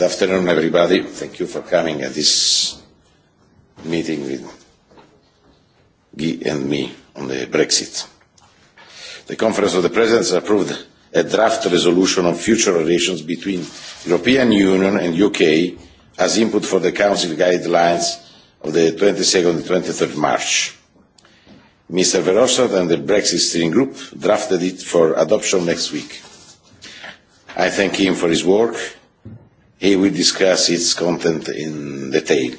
Good afternoon, everybody. Thank you for coming at this meeting with Guy and me on the Brexit. The Conference of the Presidents approved a draft resolution on future relations between European Union and UK as input for the Council guidelines of the 22nd and 23rd March. Mr. Verhofstadt and the Brexit steering group drafted it for adoption next week. I thank him for his work He will discuss its content in detail.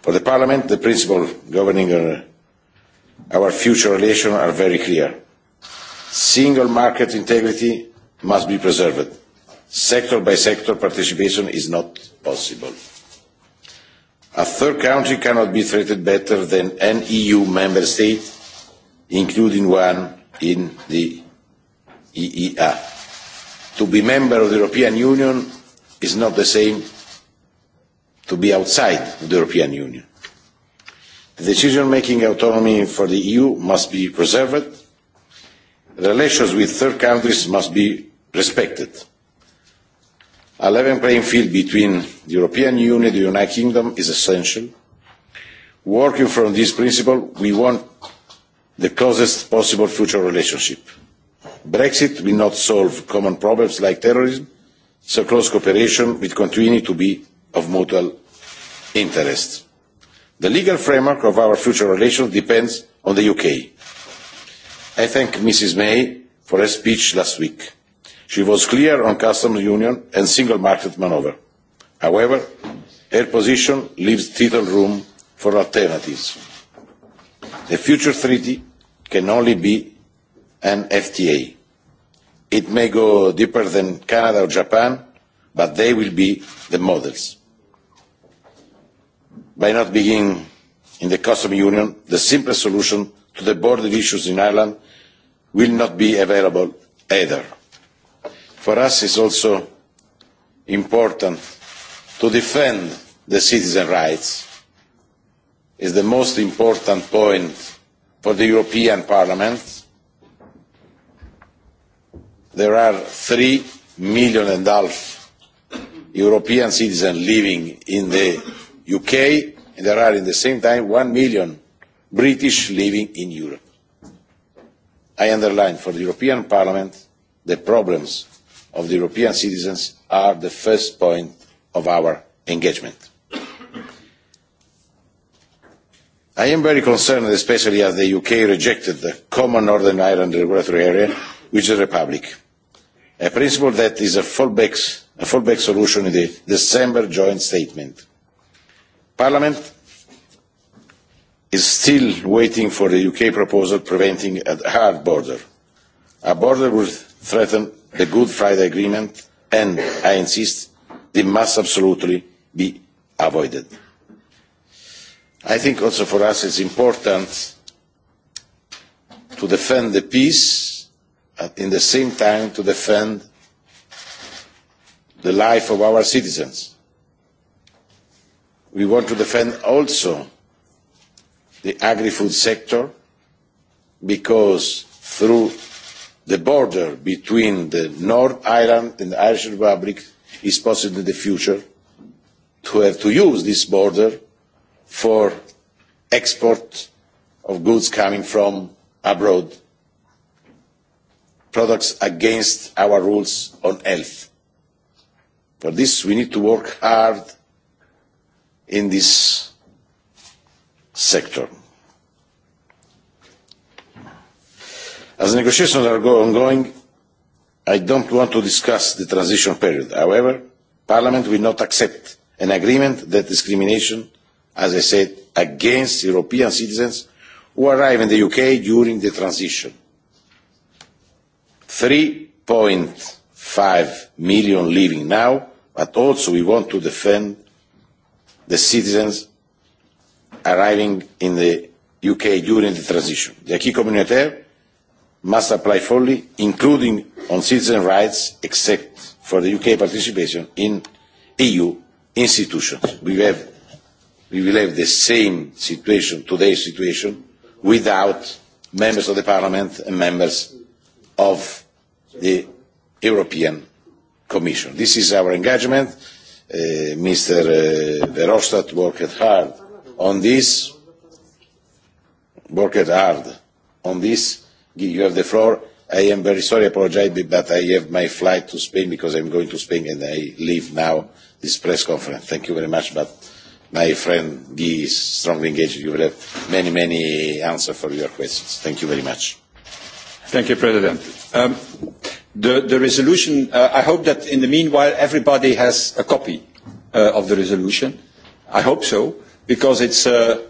For the Parliament, the principles governing our, our future relations are very clear. Single market integrity must be preserved. Sector by sector participation is not possible. A third country cannot be treated better than an EU member state, including one in the EEA. To be member of the European Union is not the same to be outside the European Union. The decision-making autonomy for the EU must be preserved. Relations with third countries must be respected. A level playing field between the European Union and the United Kingdom is essential. Working from this principle, we want the closest possible future relationship. Brexit will not solve common problems like terrorism, so close cooperation will continue to be of mutual interest. The legal framework of our future relations depends on the UK. I thank Mrs May for her speech last week. She was clear on customs union and single market manoeuvre. However, her position leaves little room for alternatives. The future treaty can only be an FTA It may go deeper than Canada or Japan, but they will be the models. By not being in the customs union, the simplest solution to the border issues in Ireland will not be available either. For us, it is also important to defend the citizen rights. It is the most important point for the European Parliament there are three million and a half European citizens living in the UK, and there are at the same time one million British living in Europe. I underline for the European Parliament the problems of the European citizens are the first point of our engagement. I am very concerned, especially as the UK rejected the common Northern Ireland regulatory area with the Republic a principle that is a fallback, a fallback solution in the December joint statement. Parliament is still waiting for the UK proposal preventing a hard border, a border would threaten the Good Friday Agreement and, I insist, they must absolutely be avoided. I think also for us it's important to defend the peace at the same time to defend the life of our citizens. We want to defend also the agri-food sector because through the border between the North Ireland and the Irish Republic is possible in the future to have to use this border for export of goods coming from abroad products against our rules on health. For this, we need to work hard in this sector. As negotiations are ongoing, I don't want to discuss the transition period. However, Parliament will not accept an agreement that discrimination, as I said, against European citizens who arrive in the UK during the transition 3.5 million living now, but also we want to defend the citizens arriving in the UK during the transition. The acquis communautaire must apply fully, including on citizen rights, except for the UK participation in EU institutions. We, have, we will have the same situation, today's situation, without members of the Parliament and members of the European Commission. This is our engagement. Uh, Mr. Verhofstadt worked hard on this. Worked hard on this. You have the floor. I am very sorry, I apologize, but I have my flight to Spain because I'm going to Spain and I leave now this press conference. Thank you very much, but my friend Guy is strongly engaged. You will have many, many answers for your questions. Thank you very much. Thank you, President. Um, the, the resolution, uh, I hope that in the meanwhile everybody has a copy uh, of the resolution. I hope so, because it's a,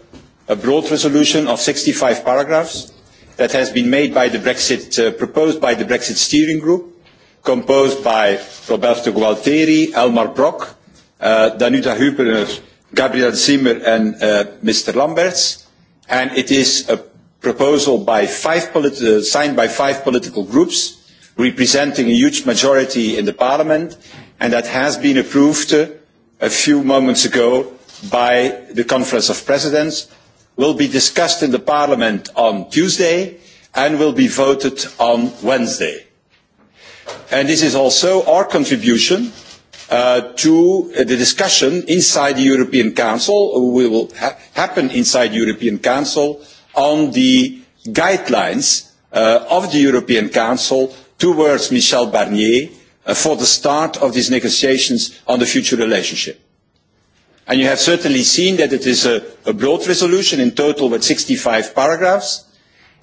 a broad resolution of 65 paragraphs that has been made by the Brexit, uh, proposed by the Brexit Steering Group, composed by Roberto Gualteri, Elmar Brock, uh, Danuta Huberner, Gabriel Zimmer and uh, Mr. Lamberts. And it is a proposal by five politi- signed by five political groups, representing a huge majority in the parliament, and that has been approved a few moments ago by the Conference of Presidents, will be discussed in the parliament on Tuesday and will be voted on Wednesday. And this is also our contribution to the discussion inside the European Council, will happen inside the European Council on the guidelines of the European Council towards Michel Barnier for the start of these negotiations on the future relationship. And you have certainly seen that it is a, a broad resolution in total with sixty five paragraphs.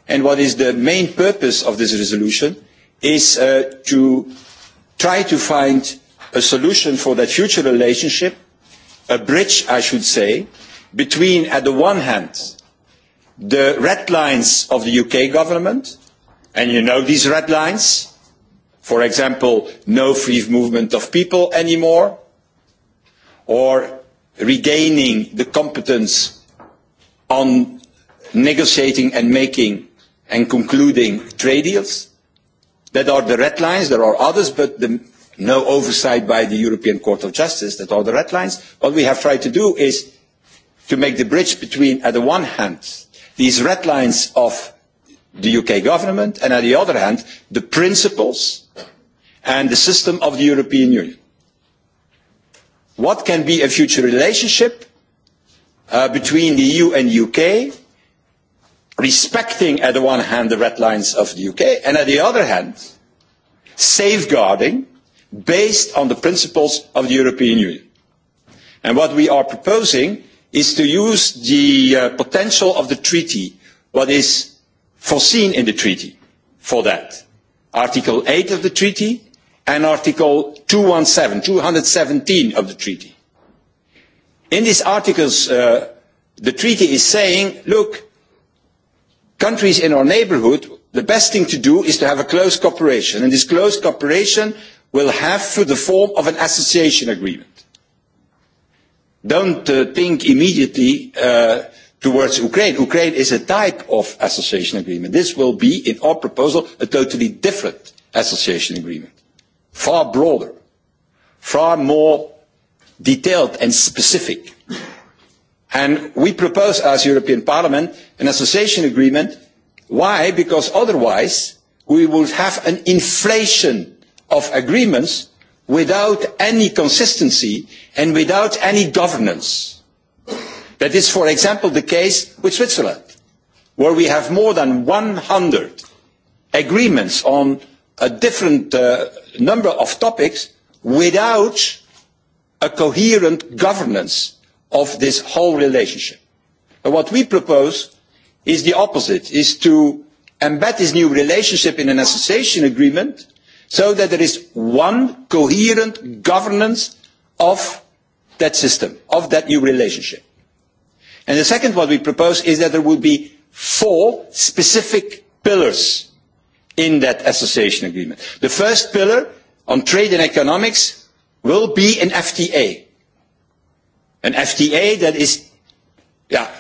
And what is the main purpose of this resolution is to try to find a solution for that future relationship, a bridge, I should say, between, at the one hand, the red lines of the UK government, and you know these red lines. For example, no free movement of people anymore, or regaining the competence on negotiating and making and concluding trade deals. That are the red lines. There are others, but the, no oversight by the European Court of Justice. That are the red lines. What we have tried to do is to make the bridge between, at the one hand, these red lines of the UK government, and on the other hand, the principles and the system of the European Union. What can be a future relationship uh, between the EU and UK, respecting at the one hand the red lines of the UK, and on the other hand, safeguarding based on the principles of the European Union. And what we are proposing is to use the uh, potential of the treaty, what is foreseen in the treaty for that. Article 8 of the treaty and Article 217, 217 of the treaty. In these articles, uh, the treaty is saying, look, countries in our neighbourhood, the best thing to do is to have a close cooperation. And this close cooperation will have through the form of an association agreement don't uh, think immediately uh, towards Ukraine. Ukraine is a type of association agreement. This will be, in our proposal, a totally different association agreement, far broader, far more detailed and specific. And we propose as European Parliament an association agreement. Why? Because otherwise we would have an inflation of agreements without any consistency and without any governance. That is, for example, the case with Switzerland, where we have more than one hundred agreements on a different number of topics without a coherent governance of this whole relationship. But what we propose is the opposite, is to embed this new relationship in an association agreement so that there is one coherent governance of that system, of that new relationship. And the second what we propose is that there will be four specific pillars in that association agreement. The first pillar on trade and economics will be an FTA. An FTA that is, yeah,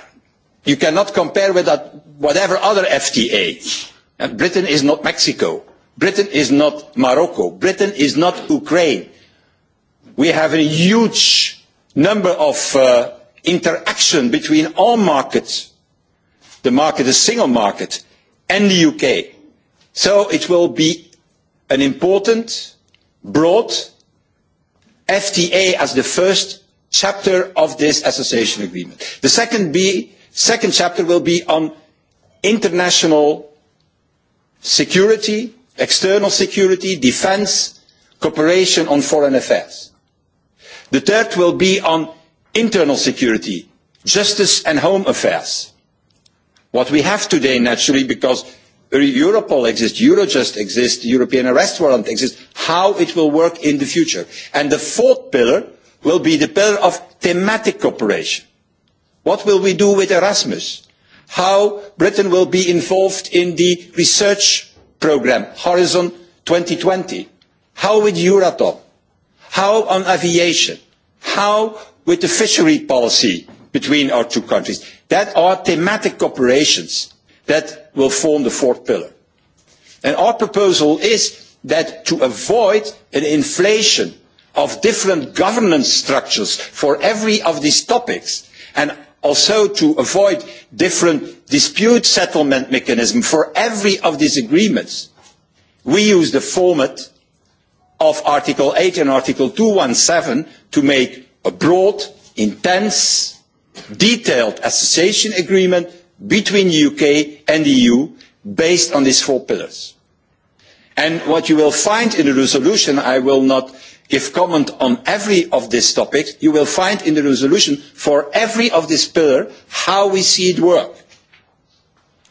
you cannot compare with that, whatever other FTA. And Britain is not Mexico Britain is not Morocco. Britain is not Ukraine. We have a huge number of uh, interaction between our markets, the market, the single market, and the UK. So it will be an important, broad FTA as the first chapter of this association agreement. The second, be, second chapter will be on international security external security, defence, cooperation on foreign affairs. The third will be on internal security, justice and home affairs. What we have today, naturally, because Europol exists, Eurojust exists, the European arrest warrant exists, how it will work in the future. And the fourth pillar will be the pillar of thematic cooperation. What will we do with Erasmus? How Britain will be involved in the research programme, Horizon twenty, How with Euratom? How on aviation? How with the fishery policy between our two countries? That are thematic cooperations that will form the fourth pillar. And our proposal is that to avoid an inflation of different governance structures for every of these topics, and also to avoid different dispute settlement mechanisms for every of these agreements, we use the format of Article eight and Article two hundred and seven to make a broad, intense, detailed association agreement between the UK and the EU based on these four pillars. And what you will find in the resolution, I will not If comment on every of these topics, you will find in the resolution for every of these pillars how we see it work,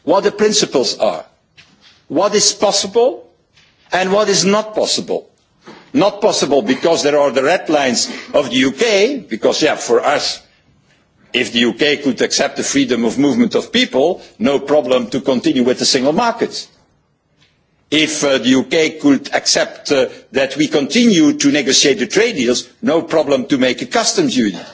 what the principles are, what is possible and what is not possible. Not possible because there are the red lines of the UK, because yeah, for us if the UK could accept the freedom of movement of people, no problem to continue with the single market if the UK could accept that we continue to negotiate the trade deals, no problem to make a customs union.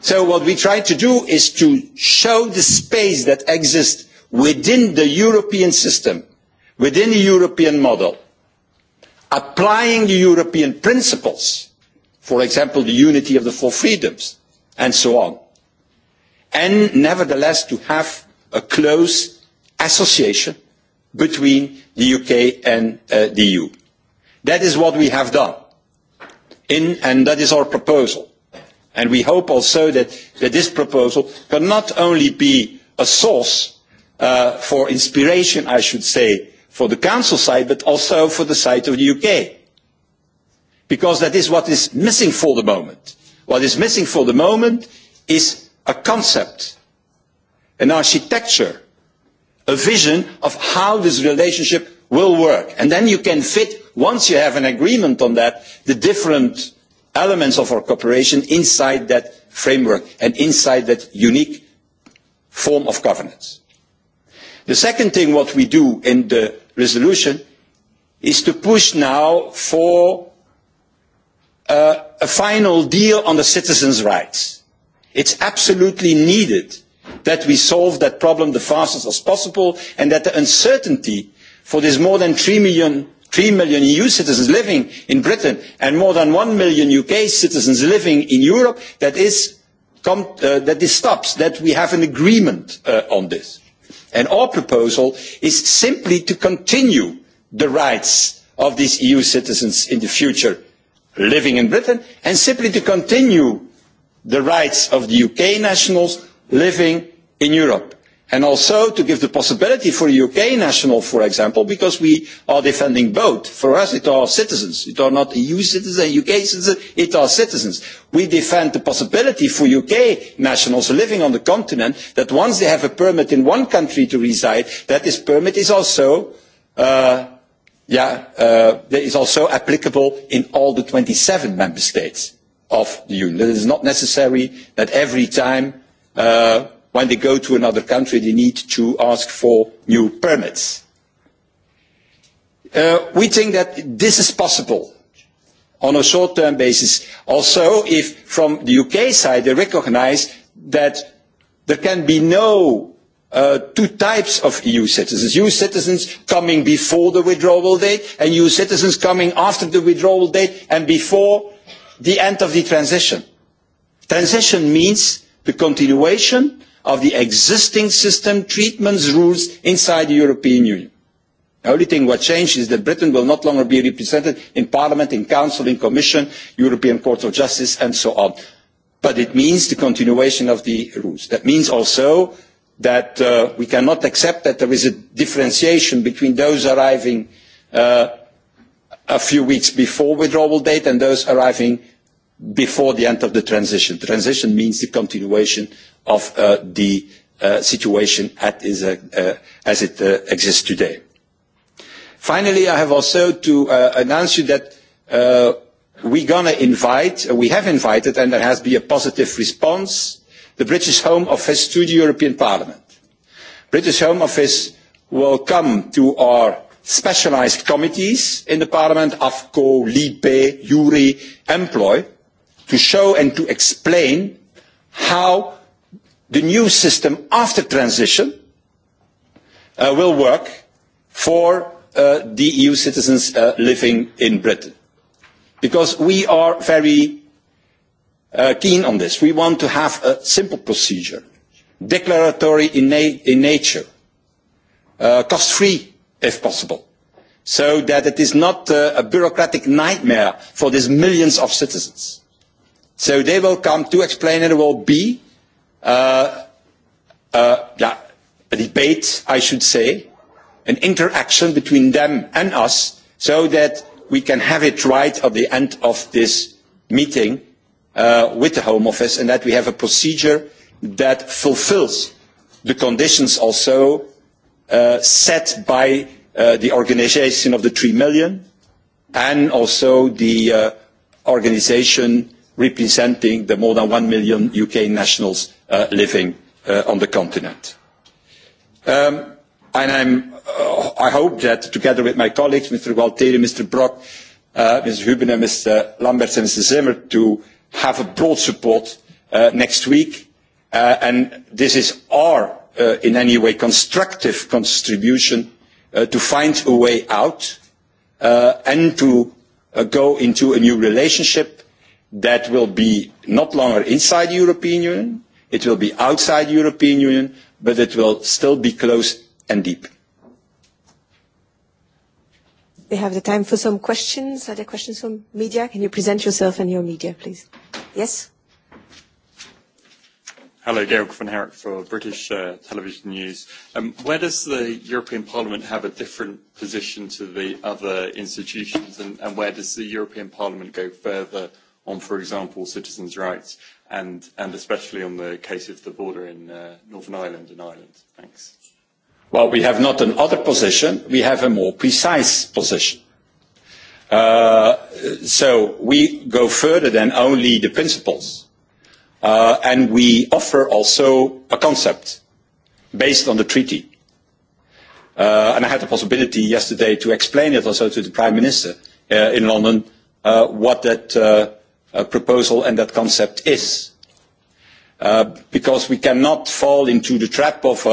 So what we try to do is to show the space that exists within the European system, within the European model, applying the European principles, for example, the unity of the four freedoms, and so on, and nevertheless to have a close association between the UK and uh, the EU. That is what we have done, in, and that is our proposal. And we hope also that, that this proposal can not only be a source uh, for inspiration, I should say, for the Council side, but also for the side of the UK. Because that is what is missing for the moment. What is missing for the moment is a concept, an architecture a vision of how this relationship will work. And then you can fit, once you have an agreement on that, the different elements of our cooperation inside that framework and inside that unique form of governance. The second thing what we do in the resolution is to push now for uh, a final deal on the citizens' rights. It's absolutely needed that we solve that problem the fastest as possible and that the uncertainty for these more than three million million EU citizens living in Britain and more than one million UK citizens living in Europe, that is, come, uh, that this stops, that we have an agreement uh, on this. And our proposal is simply to continue the rights of these EU citizens in the future living in Britain and simply to continue the rights of the UK nationals living in Europe. And also to give the possibility for a UK national, for example, because we are defending both. For us, it are citizens. It are not EU citizens, UK citizens, it are citizens. We defend the possibility for UK nationals living on the continent that once they have a permit in one country to reside, that this permit is also uh, yeah, uh, is also applicable in all the 27 member states of the union. It is not necessary that every time uh, when they go to another country, they need to ask for new permits. Uh, we think that this is possible on a short-term basis. Also, if from the UK side they recognise that there can be no uh, two types of EU citizens. EU citizens coming before the withdrawal date and EU citizens coming after the withdrawal date and before the end of the transition. Transition means the continuation of the existing system treatments rules inside the European Union. The only thing that changed is that Britain will not longer be represented in Parliament, in Council, in Commission, European Court of Justice and so on. But it means the continuation of the rules. That means also that uh, we cannot accept that there is a differentiation between those arriving uh, a few weeks before withdrawal date and those arriving before the end of the transition. Transition means the continuation of uh, the uh, situation at is, uh, uh, as it uh, exists today. Finally, I have also to uh, announce you that uh, we're going to invite, uh, we have invited, and there has been a positive response, the British Home Office to the European Parliament. British Home Office will come to our specialised committees in the Parliament, AFCO, LIPE, URI, EMPLOY, to show and to explain how the new system after transition uh, will work for uh, the EU citizens uh, living in Britain. Because we are very uh, keen on this. We want to have a simple procedure, declaratory in, na in nature, uh, cost-free if possible, so that it is not uh, a bureaucratic nightmare for these millions of citizens So they will come to explain and there will be uh, uh, yeah, a debate, I should say, an interaction between them and us so that we can have it right at the end of this meeting uh, with the Home Office and that we have a procedure that fulfills the conditions also uh, set by uh, the organization of the three million and also the uh, organization representing the more than one million UK nationals living on the continent. and I hope that together with my colleagues, Mr. Gualtieri, Mr. Brok, Mr Huben Mr. Lamberts and Mr. Zimmer to have a broad support next week. and this is our, in any way, constructive contribution to find a way out and to go into a new relationship that will be not longer inside the European Union, it will be outside the European Union, but it will still be close and deep. We have the time for some questions. Are there questions from media? Can you present yourself and your media, please? Yes? Hello, Derek van Herk for British uh, Television News. Um, where does the European Parliament have a different position to the other institutions, and, and where does the European Parliament go further on, for example, citizens' rights and, and especially on the case of the border in uh, Northern Ireland and Ireland? Thanks. Well, we have not another position. We have a more precise position. Uh, so we go further than only the principles. Uh, and we offer also a concept based on the treaty. Uh, and I had the possibility yesterday to explain it also to the Prime Minister uh, in London uh, what that uh, proposal and that concept is. because we cannot fall into the trap of,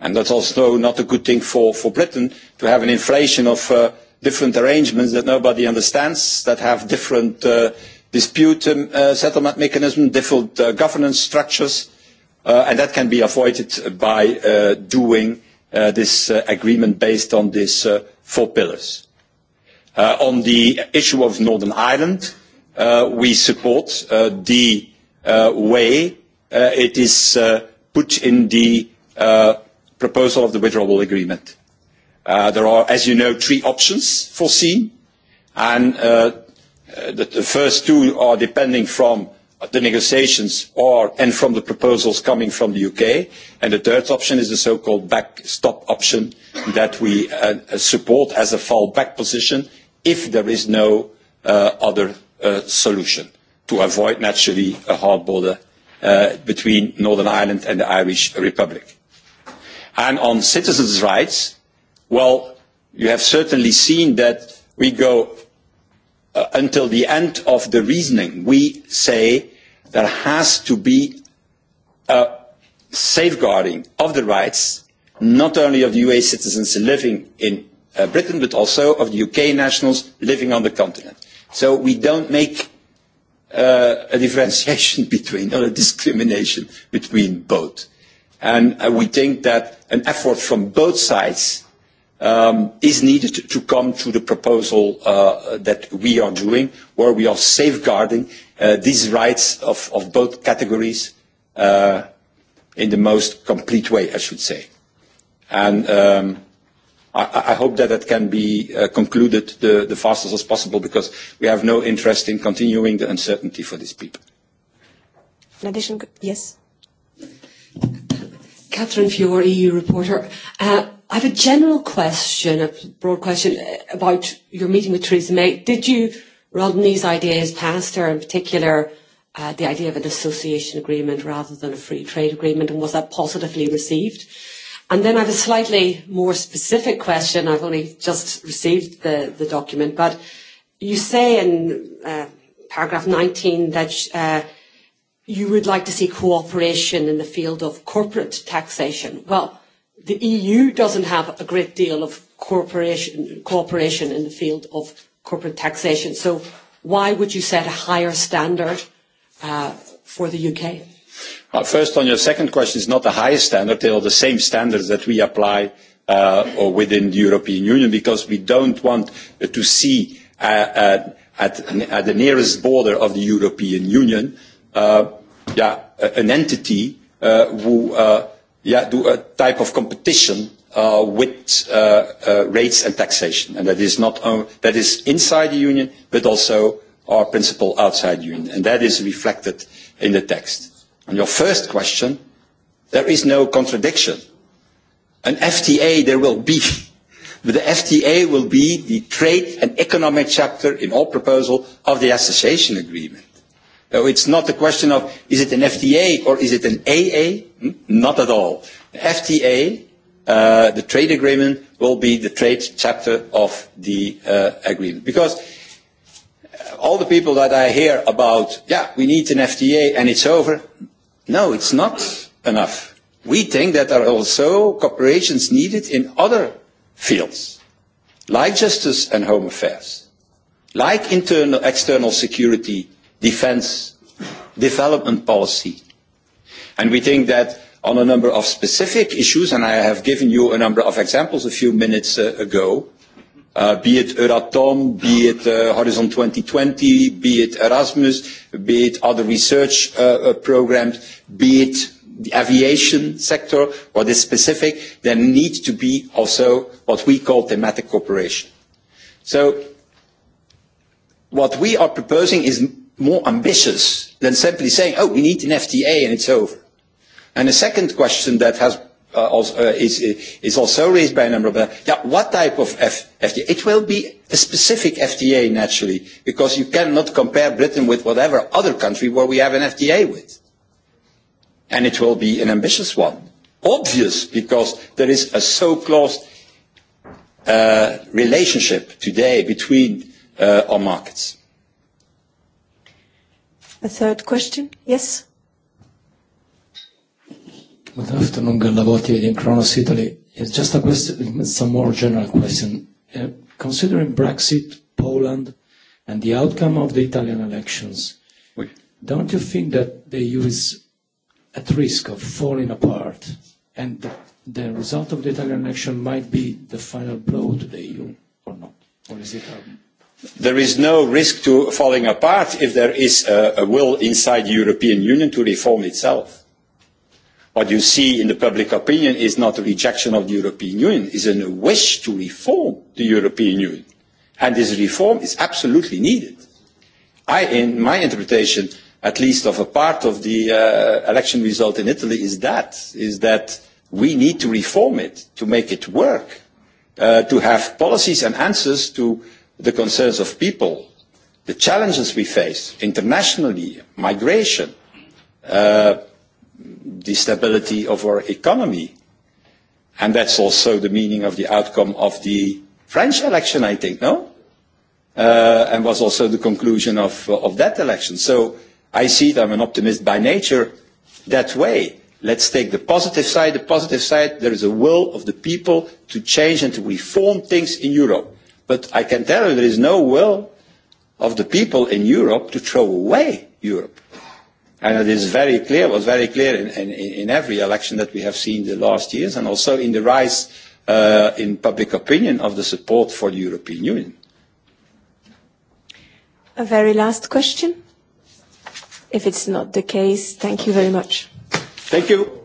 and that's also not a good thing for, for Britain, to have an inflation of different arrangements that nobody understands, that have different dispute settlement mechanisms, different governance structures, and that can be avoided by doing this agreement based on these four pillars. on the issue of Northern Ireland, we support the way it is put in the proposal of the withdrawal agreement. there are, as you know, three options foreseen, and the, first two are depending from the negotiations or and from the proposals coming from the UK. And the third option is the so-called backstop option that we support as a fallback position if there is no other solution to avoid naturally a hard border between Northern Ireland and the Irish Republic. And on citizens' rights, well, you have certainly seen that we go until the end of the reasoning. We say there has to be a safeguarding of the rights not only of the UA citizens living in Britain, but also of the UK nationals living on the continent So we don't make uh, a differentiation between or a discrimination between both. And uh, we think that an effort from both sides um, is needed to come to the proposal uh, that we are doing, where we are safeguarding uh, these rights of, of both categories uh, in the most complete way, I should say. And um, I, I hope that that can be uh, concluded the, the fastest as possible because we have no interest in continuing the uncertainty for these people. In addition, yes. Catherine Fiore, EU reporter. Uh, I have a general question, a broad question about your meeting with Theresa May. Did you Rodney's ideas passed her, in particular uh, the idea of an association agreement rather than a free trade agreement, and was that positively received? And then I have a slightly more specific question. I've only just received the, the document, but you say in uh, paragraph 19 that uh, you would like to see cooperation in the field of corporate taxation. Well, the EU doesn't have a great deal of cooperation, cooperation in the field of corporate taxation. So why would you set a higher standard uh, for the UK? First, on your second question, it's not the highest standard. They are the same standards that we apply within the European Union because we don't want to see at the nearest border of the European Union an entity who do a type of competition with rates and taxation. and That is not that is inside the union, but also our principle outside the union. and That is reflected in the text On your first question, there is no contradiction. An FTA there will be, but the FTA will be the trade and economic chapter in all proposal of the association agreement. So it's not a question of is it an FTA or is it an AA? Not at all. The FTA, uh, the trade agreement, will be the trade chapter of the uh, agreement. Because all the people that I hear about, yeah, we need an FTA and it's over, No, it's not enough. We think that there are also cooperations needed in other fields, like justice and home affairs, like internal, external security, defense, development policy. And we think that on a number of specific issues, and I have given you a number of examples a few minutes uh, ago, uh, be it Euratom, be it uh, Horizon 2020, be it Erasmus, be it other research uh, programs, be it the aviation sector, what is specific, there needs to be also what we call thematic cooperation. So what we are proposing is more ambitious than simply saying, oh, we need an FTA and it's over. And the second question that has uh, also, uh, is, is also raised by a number of uh, yeah, what type of F, FTA? It will be a specific FTA naturally, because you cannot compare Britain with whatever other country where we have an FTA with. And it will be an ambitious one. Obvious, because there is a so close uh, relationship today between uh, our markets. A third question? Yes? Good afternoon, Gallavotti in Kronos, Italy. It's just a question, some more general question. Uh, considering Brexit, Poland, and the outcome of the Italian elections, oui. don't you think that the EU is at risk of falling apart and the, the result of the Italian election might be the final blow to the EU or not? Or is it a... There is no risk to falling apart if there is a, a will inside the European Union to reform itself What you see in the public opinion is not a rejection of the European Union, it is a wish to reform the European Union. And this reform is absolutely needed. I, in my interpretation, at least of a part of the uh, election result in Italy, is that, is that we need to reform it, to make it work, uh, to have policies and answers to the concerns of people, the challenges we face internationally, migration, uh, the stability of our economy. And that's also the meaning of the outcome of the French election, I think, no? Uh, and was also the conclusion of, of that election. So I see that I'm an optimist by nature, that way. Let's take the positive side. The positive side, there is a will of the people to change and to reform things in Europe. But I can tell you there is no will of the people in Europe to throw away Europe And it is very clear, was very clear in, in, in every election that we have seen the last years, and also in the rise uh, in public opinion of the support for the European Union. A very last question. If it's not the case, thank you very much. Thank you.